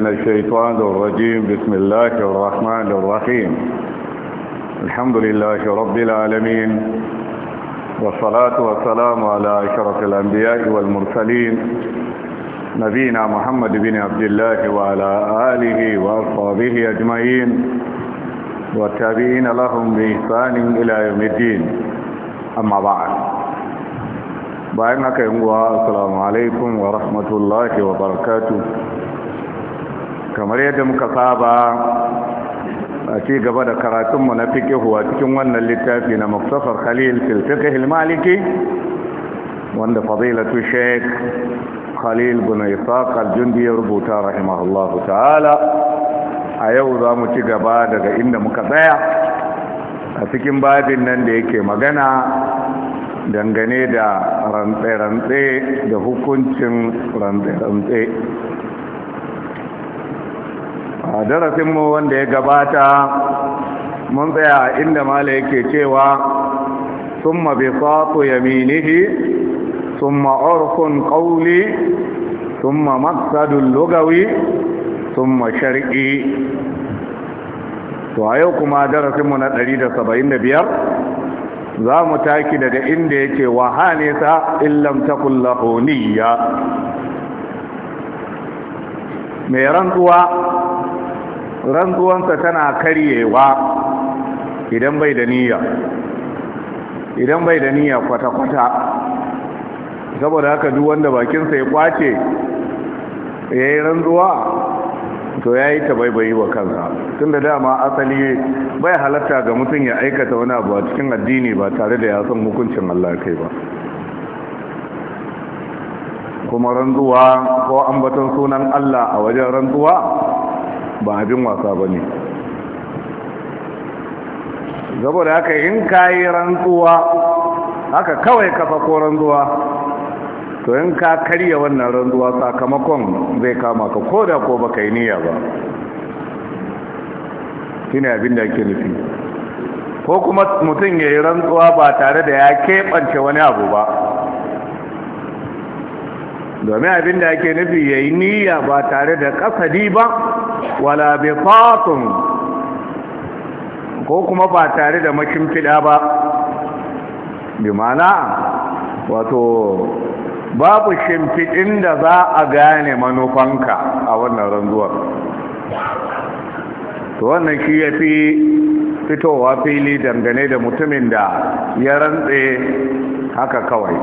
من الشيطان الرجيم بسم الله الرحمن الرحيم الحمد لله رب العالمين والصلاة والسلام على أشرف الأنبياء والمرسلين نبينا محمد بن عبد الله وعلى آله وأصحابه أجمعين والتابعين لهم بإحسان إلى يوم الدين أما بعد بعد haka yin guwa assalamu alaikum wa kamar yadda muka saba a ci gaba da karatunmu na fikihu a cikin wannan littafi na muktasar khalil fil hilmaliki maliki wanda fadilatu sheikh khalil bin isaq al ya rubuta rahimahullahu ta'ala a yau za mu ci gaba daga inda muka tsaya a cikin babin nan da yake magana dangane da rantse-rantse da hukuncin rantse-rantse a darasinmu wanda ya gabata mun tsaya inda mala yake cewa summa bisatu yaminihi summa urfun sun ma maqsadul lugawi ma shar'i to a yau kuma darasinmu na 175 za mu taki daga inda yake wa hanisa illam takul mai rantsuwa rantsuwansa tana karyewa idan bai da niyya idan bai da niyya kwata-kwata saboda haka duk wanda bakinsa ya kwace ya yi rantsuwa to ya yi tabaibayi wa kansa tun dama asali bai halatta ga mutum ya aikata wani abu a cikin addini ba tare da ya san hukuncin Allah kai ba kuma rantsuwa ko ambaton sunan Allah a wajen rantsuwa ba abin wasa ba ne saboda haka in ka yi rantsuwa haka kawai kafa ko rantsuwa to in ka karya wannan rantsuwa sakamakon zai kama ka ko da ko baka yi niyya ba shine abin da ke nufi ko kuma mutum ya yi rantsuwa ba tare da ya keɓance wani abu ba domin abin da ake nufi ya yi niyya ba tare da kasadi ba wala bitatun ko kuma ba tare da makimfida ba bi mana wato babu shimfiɗin da za a gane manufanka a wannan ranzuwar to wannan shi ya fi fitowa fili dangane da mutumin da ya rantse haka kawai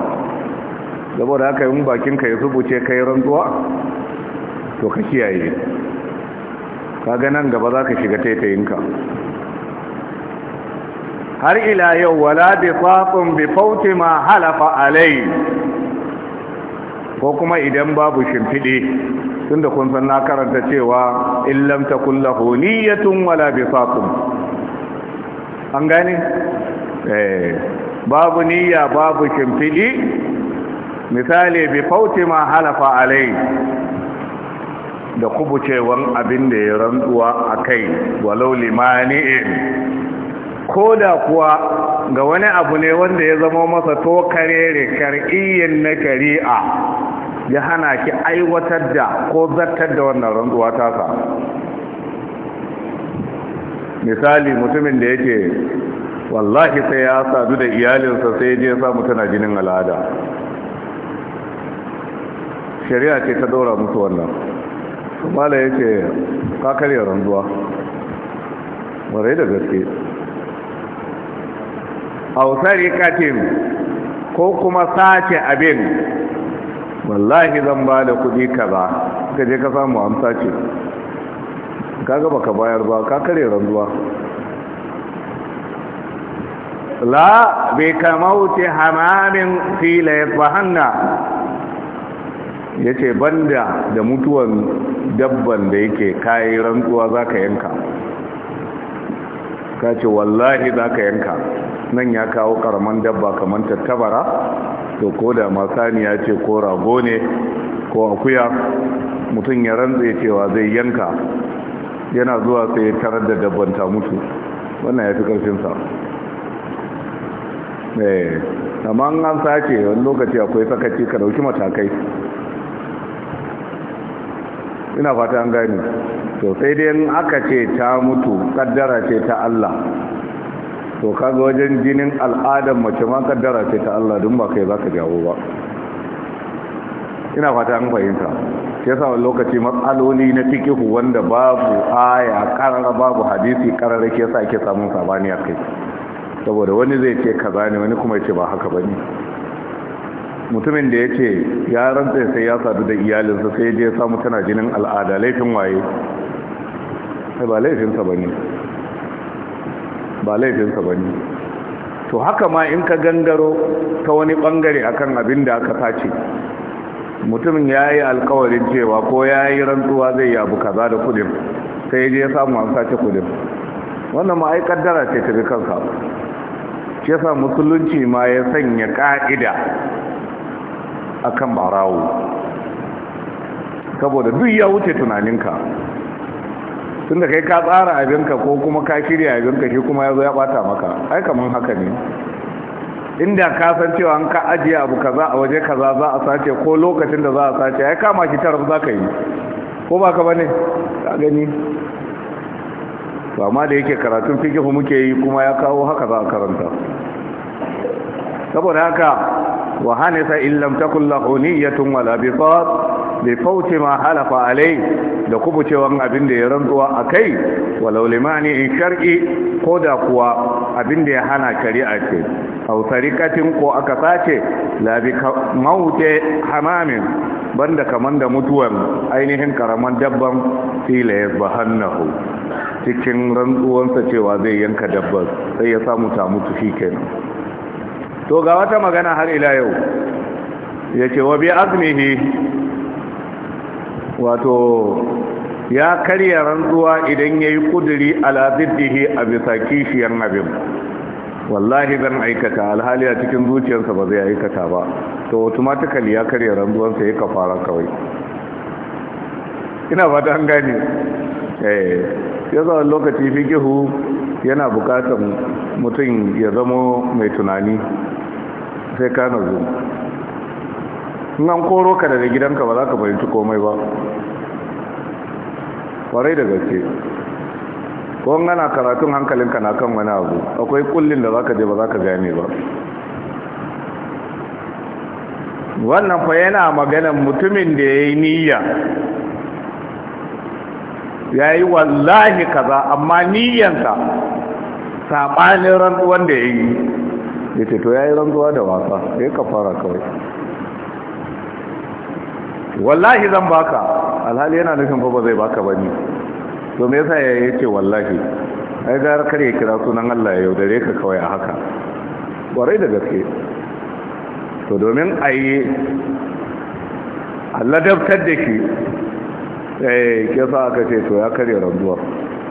saboda haka yin bakinka ya rubuce kai ranzuwa? to ka kiyaye kaga nan gaba za ka shiga taitayinka har ila yau wala bi tsatsun bi fauti ma halafa alai ko kuma idan babu shimfide tunda kun san na karanta cewa illam takun lahu niyyatun wala bi an gane eh babu niyya babu shimfiɗi misali bi fauti ma halafa alai da kubucewan abin da ya rantsuwa a kai walau limani'in ko da kuwa ga wani abu ne wanda ya zama masa to karere kar'iyyin na kari'a ya hana ki aiwatar da ko zartar da wannan rantsuwa tasa misali mutumin da yake wallahi sai ya sadu da iyalinsa sai je samu tana jinin al'ada shari'a ce ta dora musu wannan mala ya ce kakarya randuwa marai da gaske wutar yi katin ko kuma sace abin wallahi zan ba da kudi kaza ka je ka samu amsa ce kaga ka bayar ba kakarya randuwa. la bai kama wuce hamamin filayen bahanna ya ce banda da mutuwan dabban da yake kayi rantsuwa za ka yanka ka ce wallahi za ka yanka nan ya kawo karaman dabba kamar tattabara to ko da ya ce ko rago ne ko akuya mutum ya rantse cewa zai yanka yana zuwa sai ya tarar da dabban ta mutu wannan ya fi ƙarfinsa eh, amma an sace wani lokaci akwai sakaci ka dauki matakai ina fata an gani to sai dai in aka ce ta mutu kaddara ce ta Allah to kaga wajen jinin al'adar mace ma kaddara ce ta Allah don ba kai za ka jawo ba ina fata an fahimta shi yasa wani lokaci matsaloli na fikihu wanda babu aya karara babu hadisi karara ke yasa ake samun sabani a kai saboda wani zai ce kaza ne wani kuma ya ce ba haka bane mutumin da ya ce ya rantsa sai ya sadu da iyalinsa sai je ya samu tana jinin al'ada laifin waye ba laifinsa ba ne ba laifinsa ba ne to haka ma in ka gangaro ta wani bangare akan abin da aka sace mutumin ya yi alkawarin cewa ko ya yi rantsuwa zai yi abu kaza da kudin sai je ya samu an sace kudin wannan ma ai kaddara ce ta bi kansa shi yasa musulunci ma ya sanya ka'ida akan barawo saboda duk ya wuce tunaninka tun da kai ka tsara abinka ko kuma ka shirya abinka shi kuma ya zo ya bata maka ai kaman haka ne inda ka san cewa an ka ajiye abu kaza a waje kaza za a sace ko lokacin da za a sace ai kama shi taraf za ka yi ko ba ka bane ka gani to amma da yake karatun fikihu muke yi kuma ya kawo haka za a karanta saboda haka وهنس إن لم تكن له نية ولا بطاط بفوت ما حلف عليه da kubucewan abin da ya rantsuwa a kai walau limani in shar'i ko da kuwa abin da ya hana a ce au katin ko aka sace labi maute hamamin banda kaman da mutuwar ainihin karaman dabban fila ya bahannahu cikin rantsuwansa cewa zai yanka dabban sai ya samu ta mutu shi kenan to ga wata magana har ila yau ya ce wa bi azmihi wato ya karya rantsuwa idan ya yi kuduri alaziddihi a bisa kishiyar abin wallahi zan aikata alhali a cikin zuciyarsa ba zai aikata ba to automatically ya karya rantsuwarsa ya kafara kawai ina ba ta an eh ya lokaci fi gihu yana bukatar mutum ya zamo mai tunani sai ka nazo nan koro ka daga gidanka ba za ka fahimci komai ba kwarai da gaske wani gana karatun hankalinka na kan wani abu akwai kullin da za ka je ba za ka gane ba wannan fa yana maganan mutumin da ya yi niyya ya yi wallahi kaza amma niyyansa saɓanin rantsuwan da ya yi ya ce to ya yi rantsuwa da wasa ya ka kafara kawai wallahi zan baka alhali yana nufin ba zai baka ba ne to me yasa ya ce wallahi ai gara kar ya kira sunan Allah ya yaudare ka kawai a haka warai da gaske to domin a yi alladabtar da ke. eh ke sa aka ce to ya kare ranzuwa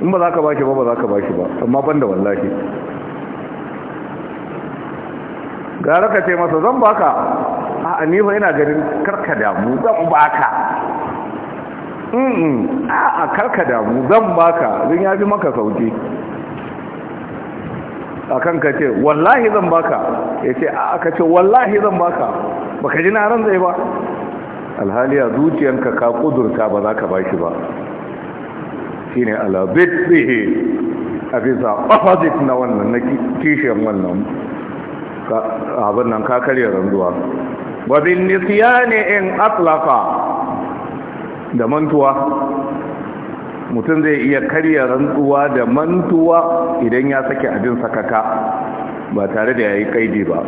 in ba za ka bashi ba ba za ka bashi ba amma ban da wallahi gara ka ce masa zan baka a ni fa ina ganin karka damu zan baka mm a karka damu zan baka zan ya fi maka sauki kan ka ce wallahi zan baka ya ce a ka ce wallahi zan baka Ba ka ji na ran zai ba alhali a zuciyanka ka kudurta ba za ka bashi ba shi ne alabit bihe a bisa opposite na wannan na kishiyan wannan abin nan ka karya randuwa wa nisiya ne in da mantuwa mutum zai iya karya rantsuwa da mantuwa idan ya sake abin sakaka ba tare da ya yi kaidi ba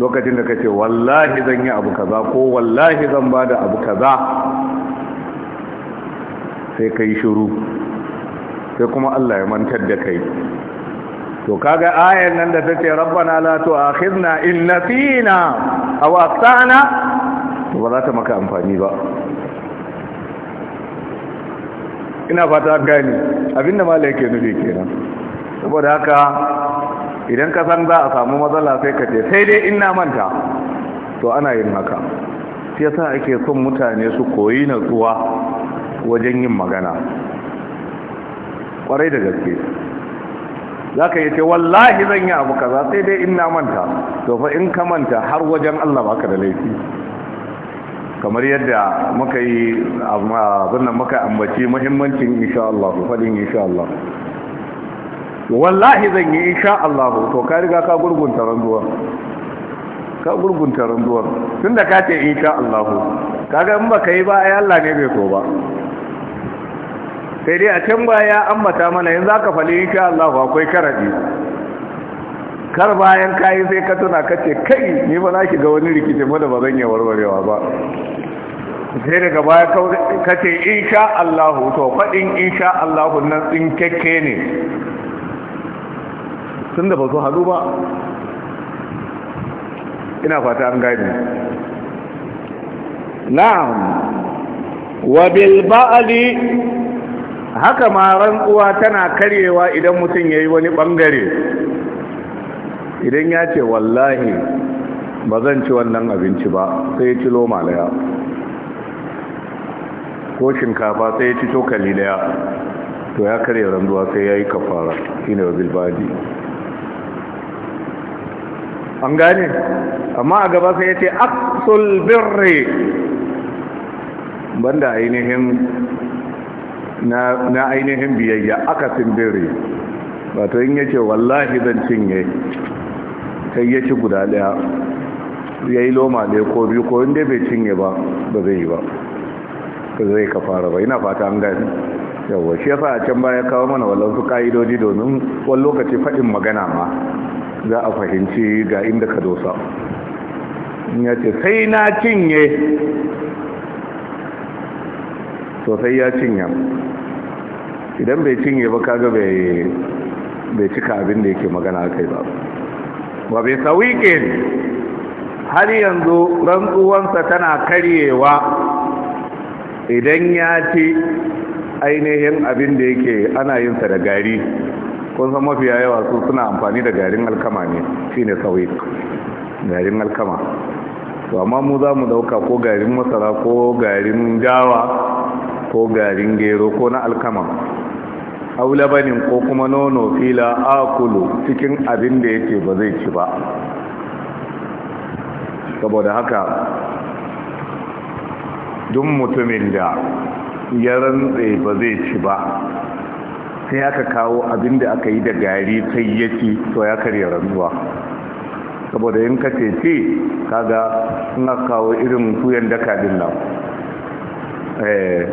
lokacin da ka ce wallahi zan yi abu kaza ko wallahi zan ba da abu kaza sai ka yi shuru sai kuma Allah ya mantar da kai to kaga ayan nan da tace rabbana la tu'akhidna in nasina aw aqtana to ba za ta maka amfani ba ina fata gani abinda malai yake nufi kenan saboda haka idan ka san za a samu matsala sai ka ce sai dai ina manta to ana yin haka sai sa ake son mutane su koyi natsuwa wajen yin magana kwarai da gaske za ka yi ce wallahi zan yi abu kaza sai dai ina manta to fa in ka manta har wajen Allah baka da laifi kamar yadda muka yi abin nan muka ambaci muhimmancin insha Allah fadin insha Allah wallahi zan yi insha Allah to ka riga ka gurgunta randuwa ka gurgunta randuwa tunda ka ce insha Allah kaga in baka yi ba ai Allah ne bai so ba sai dai a can baya an mata mana yanzu aka fali insha Allah akwai karabi. kar bayan kai sai ka tuna ka ce kai ni ba na ga wani rikice mu da ba zan yi warwarewa ba sai daga baya ka ce insha Allah to faɗin insha Allah nan tsinkekke ne Sun da faso hadu ba ina fata an gani na'am wa bil ba'li haka ma rantsuwa tana karyewa idan mutum yayi wani bangare idan ya ce wallahi ba zan ci wannan abinci ba sai ya ci loma daya ko shinkafa sai ya ci cokali daya to ya karye rantsuwa sai ya yi kafara shine wa bil ba'li an gane amma a gaba sai ya ce aksul birri banda ainihin na ainihin biyayya akasin birri wato in yace wallahi zan cinye sai ya ci guda daya ya yi loma da ko biyu ko inda bai cinye ba ba zai yi ba ba zai ka fara ba ina fata an gani yawwa shi yasa a can baya kawo mana wallansu ka'idodi domin wani lokaci faɗin magana ma za a fahimci ga inda ka dosa ya ce sai na cinye sosai ya cinya idan bai cinye ba kaga bai cika abin da yake magana kai ba ba bai har yanzu rantsuwansa tana karyewa idan ya ci ainihin abin da yake ana yinsa da gari kun san mafiya yawa su suna amfani da garin alkama ne shine sauyi garin alkama to amma mu za mu dauka ko garin masara ko garin dawa ko garin gero ko na alkama au labanin ko kuma nono fila akulu cikin abin da yake ba zai ci ba saboda haka duk mutumin da ya rantse ba zai ci ba sai aka kawo abin da aka yi da gari sai ya ci to ya karya rantsuwa saboda yin kace ce kaga suna kawo irin tuyan daka din nan eh,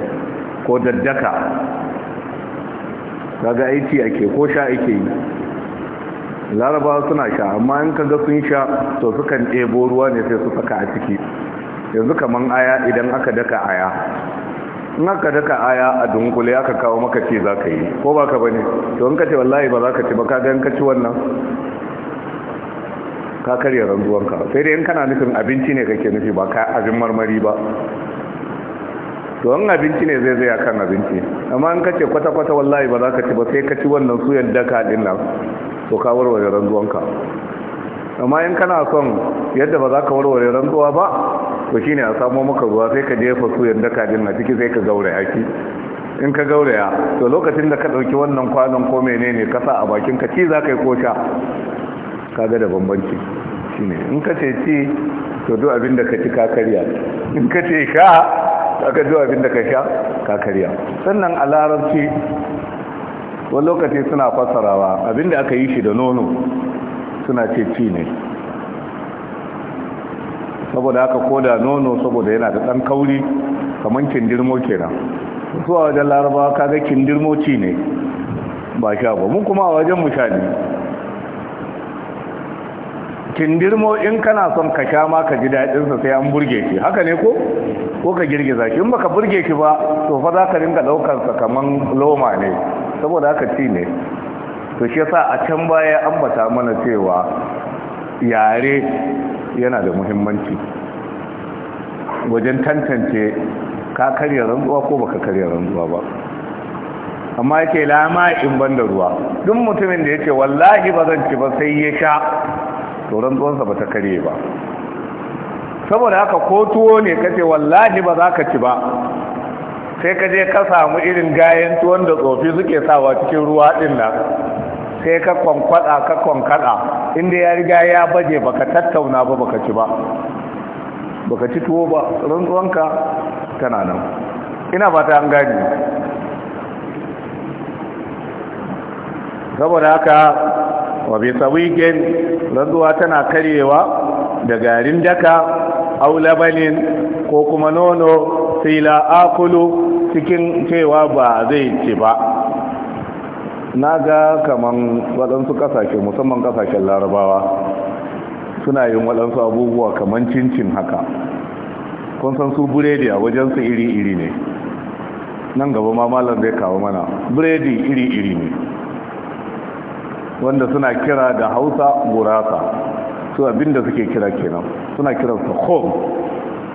ko daddaka kaga aiki ake ko sha ake yi larabawa suna sha amma in kaga sun sha to sukan ɗebo ruwa ne sai su saka a ciki yanzu kaman aya idan aka daka aya in aka daka aya a dunkule aka kawo maka ce za ka yi ko ba ka bane to in ka ce wallahi ba za ka ci ba ka gan ka ci wannan ka karya ranzuwanka sai dai in kana nufin abinci ne kake nufi ba ka abin marmari ba to in abinci ne zai zai kan abinci amma in ka ce kwata-kwata wallahi ba za ka ci ba sai ka ci wannan suyan daka din nan to ka warware ranzuwanka amma in kana son yadda ba za ka warware ranzuwa ba to ne a samo maka ruwa sai ka jefa su yadda kajin a ciki sai ka gauraya ki in ka gauraya to lokacin da ka dauki wannan kwanon ko menene ka sa a bakin ka ci ka yi ka ga da bambanci ne in ka ce ci to duk abin da ka ci ka karya in ka ce sha aka duk abin da ka sha ka karya sannan a larabci wani lokaci suna fassarawa abin da aka yi shi da nono suna ce ci ne saboda haka ko da nono saboda yana da ɗan kauri kamar kindirmo kenan a wajen laraba kaga kindirmo ci ne ba sha ba mun kuma a wajen mu sha ne kindirmo in kana son ka sha ma ka ji daɗinsa sai an burge shi haka ne ko ko ka girgiza shi in baka burge shi ba to fa za ka ringa ɗaukarsa kaman loma ne saboda haka ci ne to shi yasa a can baya an bata mana cewa yare yana da muhimmanci wajen tantance ka karya rantsuwa ko baka karya rantsuwa ba amma yake lama in ban da ruwa duk mutumin da yake wallahi ba zan ci ba sai ya sha to rantsuwansa ba ta karye ba saboda haka ko tuwo ne kace wallahi ba za ka ci ba sai ka je ka samu irin gayen tuwon da tsofi suke sawa cikin ruwa din nan sai ka kwankwada ka kwankada inda ya riga ya baje baka tattauna ba baka ci ba baka ci tuwo ba rantsuwanka tana nan ina fata an gani saboda haka wa bi sawiqin rantsuwa tana karyewa da garin daka au labanin ko kuma nono sai la akulu cikin cewa ba zai ci ba na ga kaman waɗansu ƙasashe musamman ƙasashen larabawa suna yin waɗansu abubuwa kaman cincin haka kun san su buredi a wajensu iri-iri ne nan gaba ma malam zai kawo mana buredi iri-iri ne wanda suna kira da hausa gurasa su abinda suke kira kenan suna su home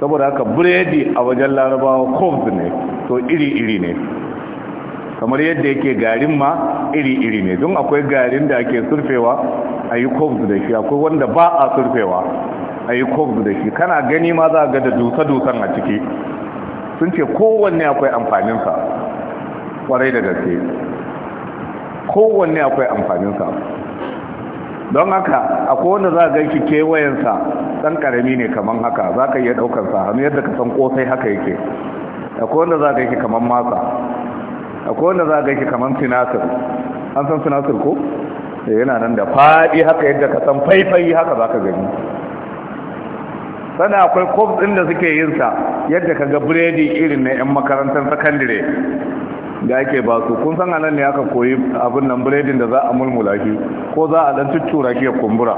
saboda haka buredi a wajen larabawa home ne to iri-iri ne kamar yadda yake garin ma iri-iri ne don akwai garin da ake surfewa a yi kofs da shi akwai wanda ba a surfewa a yi kofs da shi kana gani ma za a ga da dusa-dusan a ciki sun ce kowanne akwai amfaninsa kwarai da gaske kowanne akwai amfaninsa don haka akwai wanda za ga shi kewayensa ɗan ƙarami ne kamar haka za ka iya ɗaukansa hannu yadda ka san ƙosai haka yake akwai wanda za ga shi kamar masa akwai wanda za a gaishe kamar sinasir an san sinasir ko eh, yana nan da faɗi haka yadda ka san faifai haka za ka gani sana akwai kof ɗin da suke yin sa yadda ka ga biredi irin na 'yan makarantar sakandire da ake ba su kun san anan ne aka koyi abin nan biredin da za a mulmula shi ko za a dan tuttura shi ya kumbura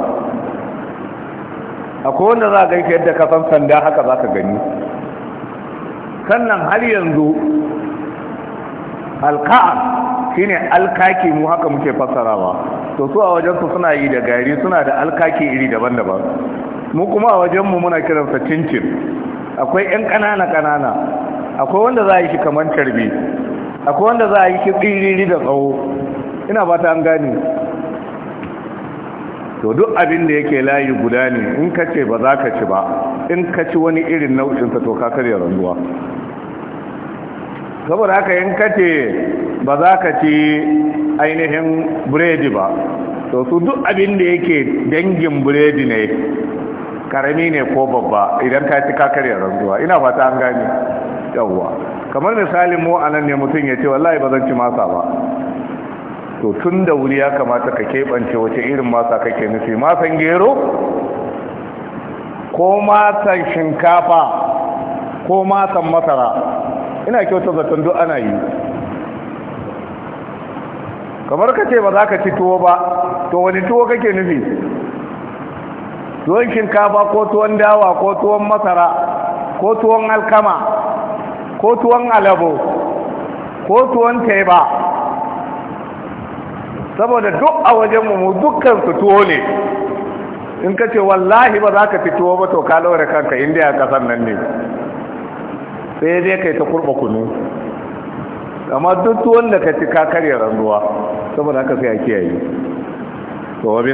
akwai wanda za a gaishe yadda ka san sanda haka za ka gani sannan har yanzu Alka'a shine alkaki mu haka muke fassarawa to su a wajensu suna yi da gari suna da alkaki iri daban-daban mu kuma a wajenmu muna kiransa cincin akwai 'yan ƙanana-ƙanana akwai wanda za a yi shi kamar tarbi, akwai wanda za a yi shi tsiriri da tsawo ina ba ta an gani to duk abin da yake layi guda ne in ka ce ba za ka ci ba in ka ci wani irin nau'insa to ka karya randuwa saboda haka yin kace ba za ka ci ainihin biredi ba to su duk abin da yake dangin biredi ne karami ne ko babba idan ka ci kakar yaran zuwa ina fata an gane yawwa kamar misalin mu anan ne mutum ya ce wallahi ba zan ci masa ba to tun da wuri ya kamata ka keɓance wace irin masa kake nufi masan gero ko masan shinkafa ko masan masara ina kyauta zaton duk ana yi kamar ka ce ba za ka ci tuwo ba to wani tuwo kake nufi tuwon shinkafa ko tuwon dawa ko tuwon masara ko tuwon alkama ko tuwon alabo ko tuwon teba saboda duk a wajen mu dukkan su tuwo ne in ka ce wallahi ba za ka ci tuwo ba to ka laura kanka inda ya kasan nan ne sai dai kai ta kurba kunu amma duk wanda ka ci ka karya randuwa saboda haka sai a kiyaye to wa bi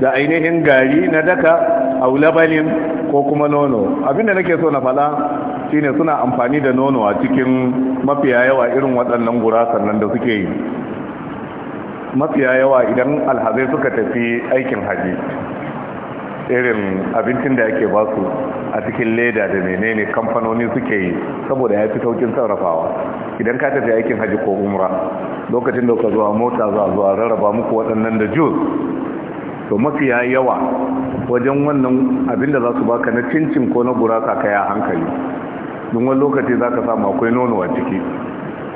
da ainihin gari na daka aulabalin labanin ko kuma nono abinda nake so na fada shine suna amfani da nono a cikin mafiya yawa irin waɗannan gurasan nan da suke yi mafiya yawa idan alhazai suka tafi aikin haji irin abincin da ake basu a cikin leda da menene kamfanoni suke yi saboda ya fi saukin sarrafawa idan ka tafi aikin haji ko umra lokacin da ka zuwa mota za zuwa rarraba muku waɗannan da jus to mafiya yawa wajen wannan abin da za su baka na cincin ko na gurasa kaya hankali don wani lokaci za ka samu akwai nono a ciki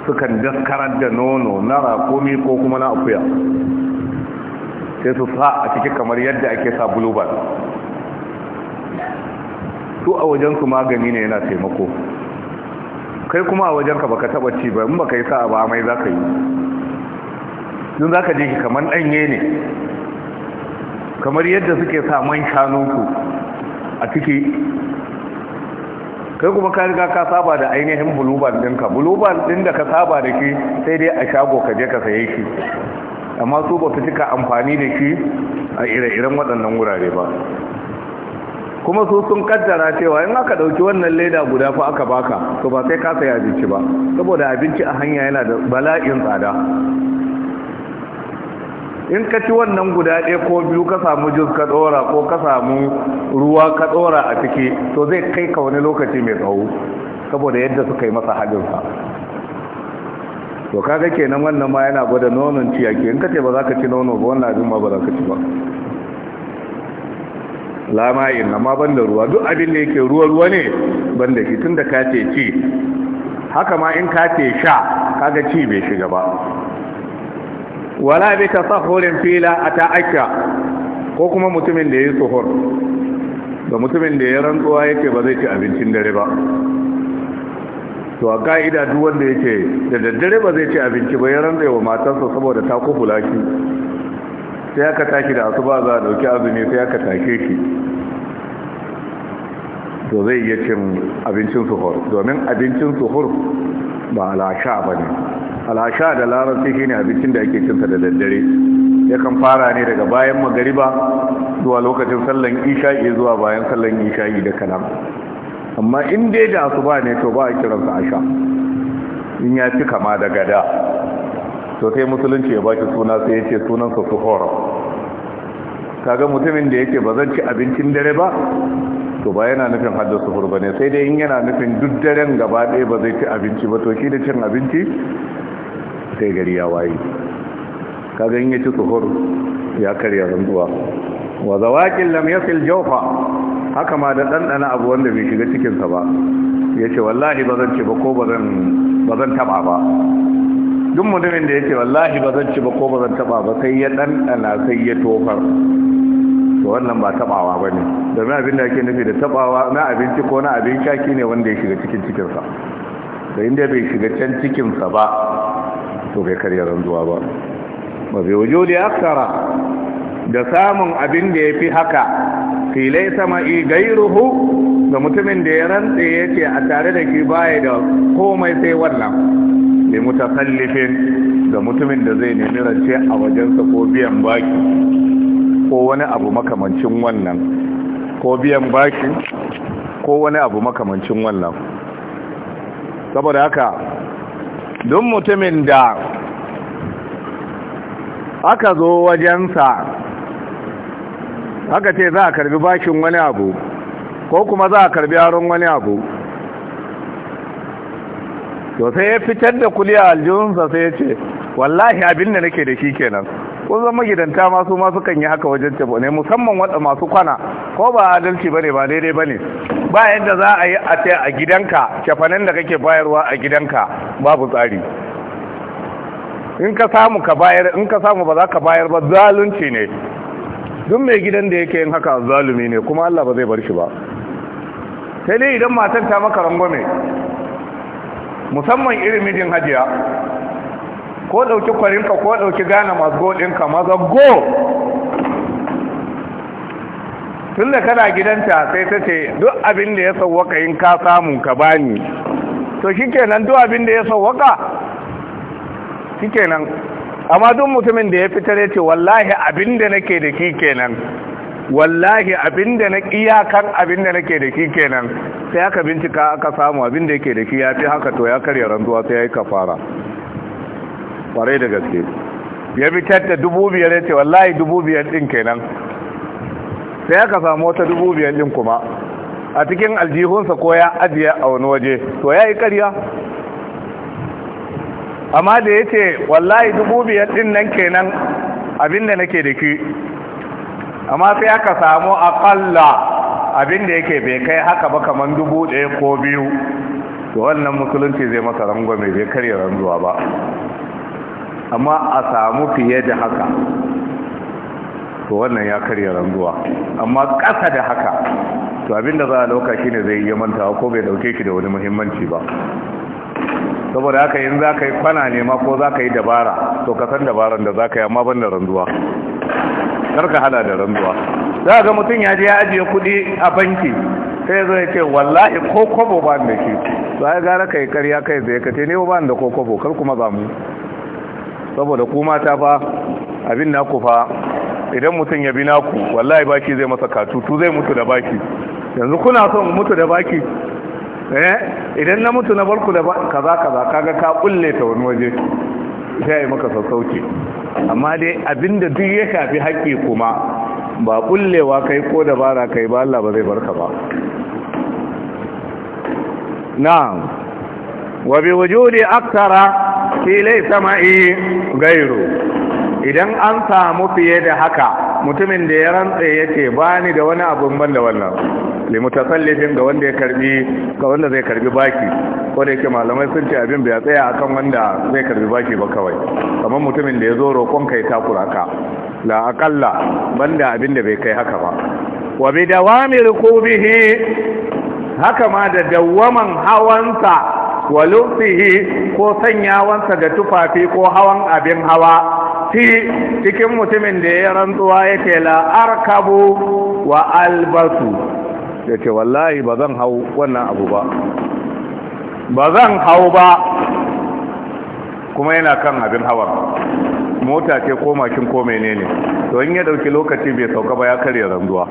sukan daskarar da nono na rakomi ko kuma na akuya sai su sa a ciki kamar yadda ake sa bulubal su a wajensu magani ne yana taimako kai kuma a wajenka baka taba ci ba in baka yi sa ba mai zaka yi za zaka je ki kamar danye ne kamar yadda suke sa man shanunku a ciki kai kuma ka riga ka saba da ainihin bulubal ɗinka bulubal ɗin da ka saba da shi sai dai a shago ka je ka saye shi amma su ba su cika amfani da shi a ire-iren waɗannan wurare ba kuma su sun kaddara cewa in aka ɗauki wannan leda guda fa aka baka to ba sai ka saya abinci ba saboda abinci a hanya yana da bala'in tsada in ka ci wannan guda ɗaya ko biyu ka samu jus ka ɗora ko ka samu ruwa ka ɗora a ciki to zai kai ka wani lokaci mai tsawo saboda yadda suka yi masa haɗinsa to kaga kenan wannan ma yana gwada nonon ciya ke in kace ba za ka ci nono ba wannan abin ma ba za ka ci ba lamayin amma ban da ruwa duk abin da yake ruwa ruwa ne ban da shi tunda ka ce ci haka ma in ka ce sha kaga ci bai shiga ba wala bi tasahurin fila ata'akka ko kuma mutumin da yayi suhur da mutumin da ya rantsuwa yake ba zai ci abincin dare ba to a ka'ida duk wanda yake da daddare ba zai ci abinci ba ya rantsa wa matarsa saboda ta kufula shi sai aka tashi da asuba za a dauki azumi sai aka tashe shi to zai iya cin abincin suhur domin abincin suhur ba alasha ba ne alasha da larabci shine abincin da ake cinsa da daddare ya kan fara ne daga bayan magariba zuwa lokacin sallan isha'i zuwa bayan sallan isha'i da kalam amma in dai da asuba ne to ba a kiransa asha in ya ci kama da gada to sai musulunci ya baki suna sai ya ce sunansa suhor kaga mutumin da yake ba zan ci abincin dare ba to ba yana nufin hadda suhur ba ne sai dai in yana nufin duk daren gaba ɗaya ba zai ci abinci ba to shi da cin abinci sai gari ya waye kaga in ya ci suhur ya karya rantsuwa wa zawakin lam yasil jawfa haka ma da ɗanɗana abu wanda bai shiga cikinsa ba ya ce wallahi ba zan ci ba ko ba zan taɓa ba duk mutumin da ya ce wallahi ba zan ci ba ko ba zan taɓa ba sai ya ɗanɗana sai ya tofar to wannan ba taɓawa ba ne domin abin da ake nufi da taɓawa na abinci ko na abin shaki ne wanda ya shiga cikin cikinsa da inda bai shiga can cikinsa ba to bai karya ranzuwa ba ba bai wujo da aksara da samun abin da ya fi haka Filai laysa ma'i ga mutumin da ya rantse ya ce a tare da ki baya da komai sai wannan da mutasallifin ga mutumin da zai nemi rance a wajensa ko biyan baki ko wani abu makamancin wannan ko biyan baki ko wani abu makamancin wannan saboda haka don mutumin da aka zo wajensa haka ce za a karbi bakin wani abu ko kuma za a karbi aron wani abu to sai ya fitar da kuliya aljihunsa sai ya ce wallahi abin da nake da shi kenan ko zama gidanta masu masu kan yi haka wajen tabo ne musamman wadda masu kwana ko ba adalci bane ba daidai bane ba yadda za a yi a a gidanka kyafanen da kake bayarwa a gidanka babu tsari in ka samu in ka samu ba za ka bayar ba zalunci ne duk mai gidan da yake yin haka zalumi ne kuma Allah ba zai bar shi ba sai dai idan matar ta maka rangwame musamman irin mijin hajiya ko ɗauki kwarinka ko ɗauki gane mazgo ɗinka mazaggo tun da kana gidanta sai ta ce duk abin da ya sauwaka in ka samun ka bani to shi kenan duk abin da ya sauwaka shi kenan amma duk mutumin da ya fitar ya ce wallahi abin da nake da ki kenan wallahi abin da na iyakan abin da nake da ki kenan sai aka bincika aka samu abin da yake da ki ya fi haka to ya karya ranzuwa sai ya yi kafara kwarai da gaske ya fitar da dubu biyar ya ce wallahi dubu biyar din kenan sai aka samu wata dubu biyar din kuma a cikin aljihunsa ko ya ajiye a wani waje to ya yi karya amma da ya ce wallahi dubu biyar ɗin nan kenan abinda nake da ki amma sai aka samu aƙalla abinda yake bai kai haka ba kamar dubu ɗaya ko biyu to wannan musulunci zai masa rangwame bai karya ranzuwa ba amma a samu fiye da haka to wannan ya karya ranzuwa amma ƙasa da haka to abinda za a lauka shine zai iya mantawa ko bai dauke ki da wani muhimmanci ba saboda haka in za ka yi kwana nema ko za ka yi dabara to ka san dabaran da za ka yi amma ban da randuwa ka hada da randuwa za ga mutum ya je ya ajiye kudi a banki sai zai ce wallahi ko kwabo ba da ke za a gara ka yi karya kai zai ka ce ne ba da ko kwabo kar kuma za mu saboda kuma ta fa abin naku fa idan mutum ya bi naku wallahi baki zai masa katutu zai mutu da baki yanzu kuna son mutu da baki Eh, idan na mutu na barku da kaza kaza kaga ka kulle ta wani waje sai yi maka sassauci amma dai abinda duk ya shafi haƙƙi kuma ba kullewa kai ko da dabara kai ba Allah ba zai barka ba na'am wa bi wujudi akthara fi laysa ma'i ghayru idan an samu fiye da haka mutumin da ya rantsa ya ce ba ni da wani abu ban da wannan limutasallifin ga wanda ya karbi ga wanda zai karbi baki ko da yake malamai sun ce abin bai tsaya akan wanda zai karbi baki ba kawai kamar mutumin da ya zo roƙon kai ta ka la aqalla banda abin da bai kai haka ba wa bi dawami rukubihi haka ma da dawaman hawansa wa lufihi ko sanyawansa da tufafi ko hawan abin hawa ti cikin mutumin da ya rantsuwa ya ce arkabu wa albasu ya ce wallahi ba zan hau wannan abu ba ba zan hau ba kuma yana kan abin hawa mota ce ko makin ko menene to in ya dauki lokaci bai sauka ba ya karya rantsuwa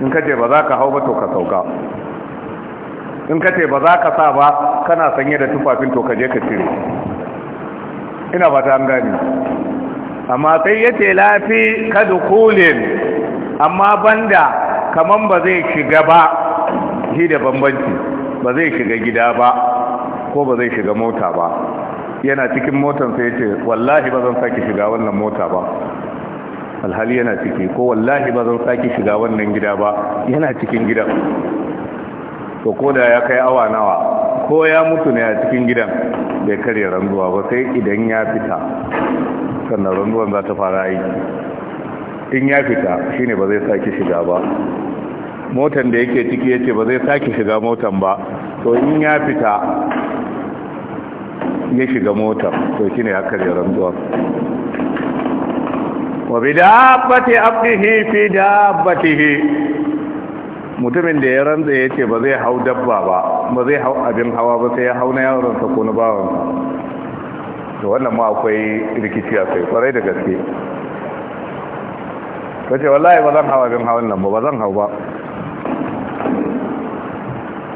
in ka ce ba za ka hau ba to ka sauka in ka ce ba za ka sa ba kana sanye da tufafin to ka je ka cire ina ba ta an gani amma sai ya ce lafi kada kulin amma banda kaman ba zai shiga ba shi da bambanci ba zai shiga gida ba ko ba zai shiga mota ba yana cikin motan sai ya ce wallahi ba zan sake shiga wannan mota ba alhali yana ciki ko wallahi ba zan sake shiga wannan gida ba yana cikin gidan to ko da ya kai awa nawa ko ya mutu ne a cikin gidan bai karya ranzuwa ba sai idan ya fita sannan runduwan za ta fara aiki in ya fita shi ne ba zai sake shiga ba motan da yake ciki ya ce ba zai sake shiga motan ba to in ya fita ya shiga motan, to shi ne ya karya rantsuwa wa dabbati abdihi fi dabbatihi mutumin da ya rantsa ce ba zai hau dabba ba ba zai hau abin hawa ba sai ya hau na yawon sa ko na bawansa. da wannan ma akwai rikici a kai kwarai da gaske Ka ce wallahi ba zan hawa bin hawan nan ba ba zan hau ba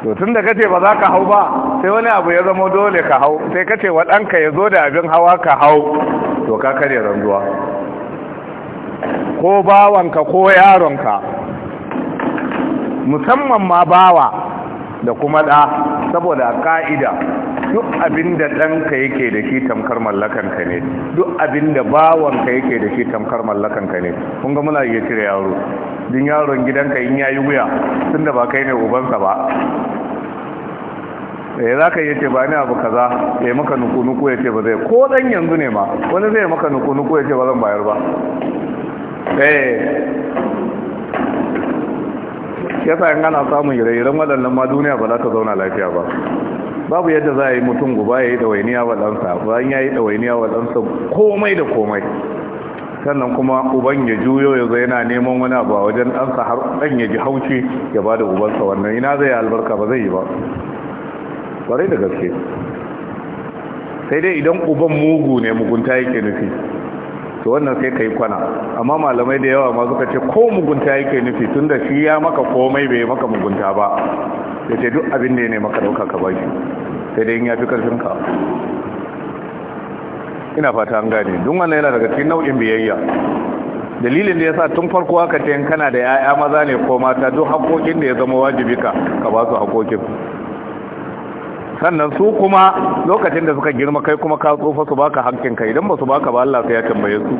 to tun da kace ba za ka hau ba sai wani abu ya zama dole ka hau sai kace wa ɗanka ya zo da abin hawa ka hau to ka kare ranzuwa ko bawanka ko yaronka musamman ma bawa da kuma ɗa saboda ka'ida duk abin da ɗanka yake da shi tamkar mallakanka ne duk abin da bawanka yake da shi tamkar mallakanka ne kun ga muna iya cire yaro din yaron gidanka in yayi wuya da ba kai ne ubansa ba eh za ka iya ce ba ni abu kaza ya maka nuku-nuku ya ce ba zai ko dan yanzu ne ma wani zai maka nuku-nuku ya ce ba zan bayar ba eh yasa in ana samun ire-iren waɗannan ma duniya ba za ta zauna lafiya ba babu yadda za a yi mutum guba ya yi ɗawainiya wa ɗansa bayan ya yi ɗawainiya wa ɗansa komai da komai sannan kuma uban ya juyo ya zai yana neman wani abu a wajen ɗansa har ɗan ya ji haushi ya ba da ubansa wannan ina zai yi albarka ba zai yi ba ƙwarai da gaske sai dai idan uban mugu ne mugunta yake nufi to wannan sai ka yi kwana amma malamai da yawa ma suka ce ko mugunta yake nufi tun da shi ya maka komai bai maka mugunta ba ya ce duk abin da ya nema ka ba ka sai dai in ya fi ina fata an gane duk wannan yana daga cikin nau'in biyayya dalilin da ya sa tun farko aka ce kana da 'ya'ya maza ne ko mata duk haƙoƙin da ya zama wajibi ka ka ba su haƙoƙin sannan su kuma lokacin da suka girma kai kuma ka tsofa su baka ka idan ba su baka ba Allah sai ya tambaye su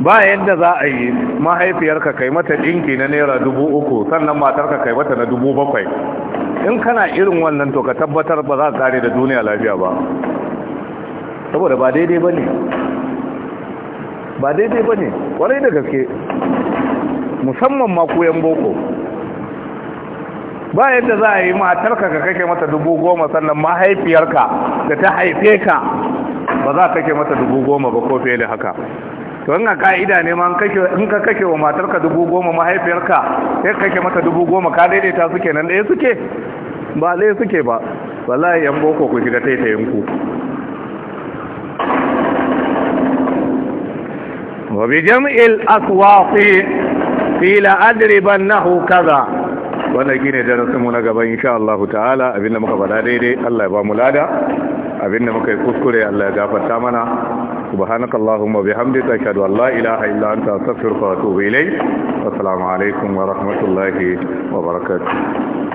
ba yadda za a yi mahaifiyarka kai mata dinki na naira dubu uku sannan matarka kai mata na dubu bakwai in kana irin wannan to ka tabbatar ba za ka kare da duniya lafiya ba saboda ba daidai ba ne ba daidai ba ne kwarai da gaske musamman ma koyan boko ba yadda za a yi matarka ka kake mata dubu goma sannan mahaifiyarka da ta haife ka ba za ta ke mata dubu goma ba ko fiye da haka to in a ka'ida ne ma in ka kashe wa matarka dubu goma mahaifiyarka sai kashe mata dubu goma ka daidaita suke nan ɗaya suke ba ɗaya suke ba wallahi yan boko ku shiga taitayin ku wa bi jam'il aswaqi qila adribannahu kaza wannan shine darasin mu na gaba insha Allah ta'ala abinda muka faɗa daidai Allah ya ba mu lada abinda muka yi kuskure Allah ya gafarta mana subhanakallahumma bihamdika ashhadu an la ilaha illa anta astaghfiruka wa atubu ilayk assalamu alaikum wa rahmatullahi wa barakatuh